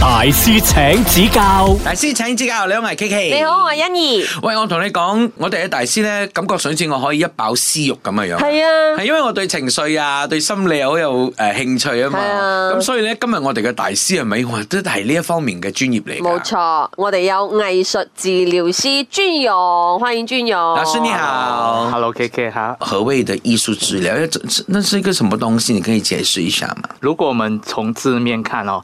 大師請指教，大師請指教。你好，我係 K K。你好，我係欣兒。喂，我同你講，我哋嘅大師咧，感覺上似我可以一飽私欲咁嘅樣。係啊，係因為我對情緒啊，對心理好有誒、呃、興趣啊嘛。咁、啊、所以咧，今日我哋嘅大師係咪都係呢一方面嘅專業嚟？冇錯，我哋有藝術治療師黃俊勇，歡迎黃俊勇。大師你好，Hello K K 吓。何謂嘅藝術治療？呢那是一個什麼東西？你可以解釋一下嘛？如果我們從字面看哦。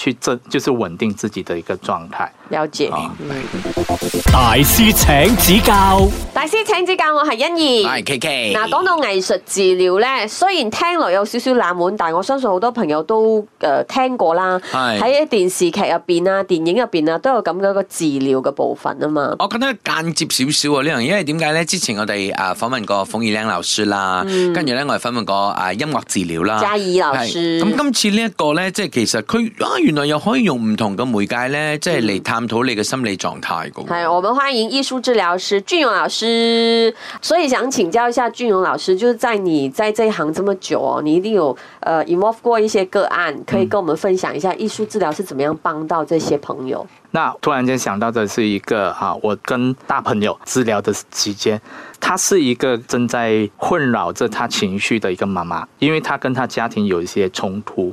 去真就是穩定自己的一個狀態。了解、嗯。大師請指教。大師請指教，我係欣怡。係琪琪。嗱，講到藝術治療咧，雖然聽落有少少冷門，但係我相信好多朋友都誒聽過啦。係。喺電視劇入邊啊、電影入邊啊，都有咁樣嘅一個治療嘅部分啊嘛。我覺得間接少少啊呢樣，因為點解咧？之前我哋誒訪問過馮二靚老師啦，跟住咧我哋訪問過誒音樂治療啦。嘉怡老師。咁、嗯、今次呢、呢、一個咧，即係其實佢原來又可以用唔同嘅媒介呢，即係嚟探討你嘅心理狀態嘅。係，我們歡迎藝術治療師俊勇老師，所以想請教一下俊勇老師，就是在你在這一行這麼久哦，你一定有誒 involve 過一些個案，可以跟我們分享一下藝術治療是怎麼樣幫到這些朋友。嗯、那突然間想到嘅是一個我跟大朋友治療嘅期間，他是一個正在困擾着他情緒嘅一個媽媽，因為他跟他家庭有一些衝突。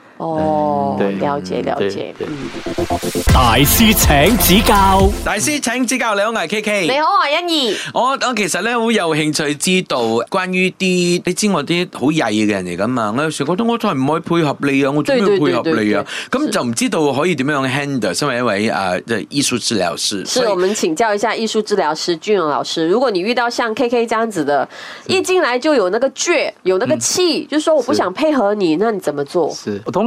哦，了解了解。嗯，大師請指教，大師請指教。你好，我係 K K。你好，我係欣怡。我我其實咧好有興趣知道關於啲，你知我啲好曳嘅人嚟㗎嘛？我有時覺得我真係唔可以配合你啊，我點要配合你啊？咁就唔知道可以點樣 handle？身為一位誒藝術治療師，是我們請教一下藝術治療師俊勇老師。如果你遇到像 K K 這樣子的，一進來就有那個倔，有那個氣、嗯，就說我不想配合你，那你怎麼做？是